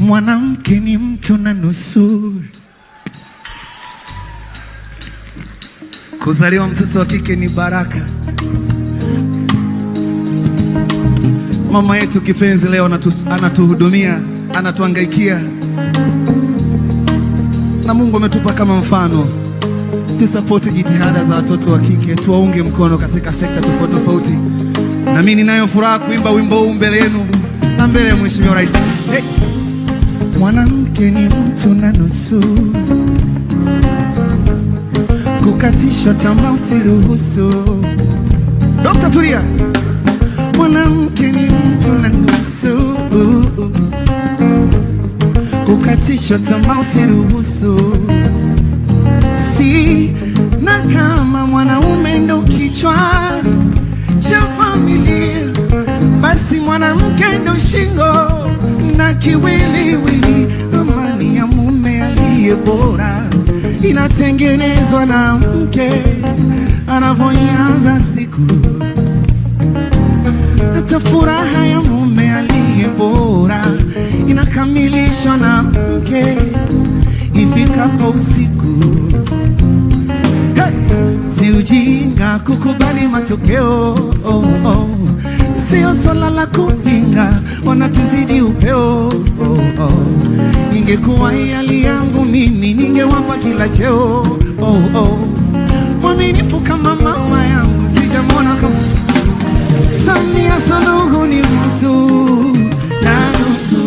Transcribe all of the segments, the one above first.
mwanamke ni mtu na nusu. Kuzaliwa mtoto wa kike ni baraka. Mama yetu kipenzi leo anatuhudumia anatuangaikia, na Mungu ametupa kama mfano. Tusapoti jitihada za watoto wa kike, tuwaunge mkono katika sekta tofauti tofauti. Na mimi ninayo furaha kuimba wimbo huu mbele yenu na mbele ya Mheshimiwa Rais. Hey. Mwanamke ni mtu na nusu, kukatishwa tamaa usiruhusu. Dokta, tulia. Mwanamke ni mtu na nusu, kukatishwa tamaa usiruhusu. Si na kama mwanaume ndo kichwa cha familia, basi mwanamke ndo shingo na kiwiliwili iliyo bora inatengenezwa na mke anavyoanza siku, hata furaha ya mume aliye bora inakamilishwa na mke ifikapo usiku. Hey! Si ujinga kukubali matokeo oh, oh. Sio swala la kupinga, wanatuzidi upeo oh, oh ingekuwa hali yangu mimi ningewapa kila cheo oh, oh. Mwaminifu kama mama yangu sijamwona kama Samia Suluhu ni mtu na nusu,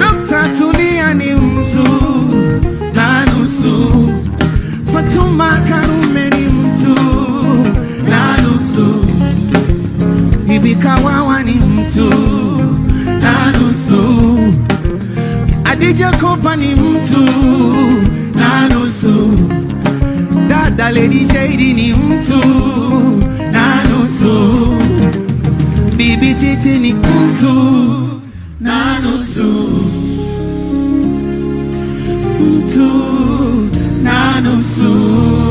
Dokta Tulia ni mtu na nusu, Fatuma Karume ni mtu na nusu, Bibi Kawawa ni mtu nusu na nusu. Dada Lady Jade ni mtu na nusu, Bibi Titi ni mtu na nusu, mtu na nusu.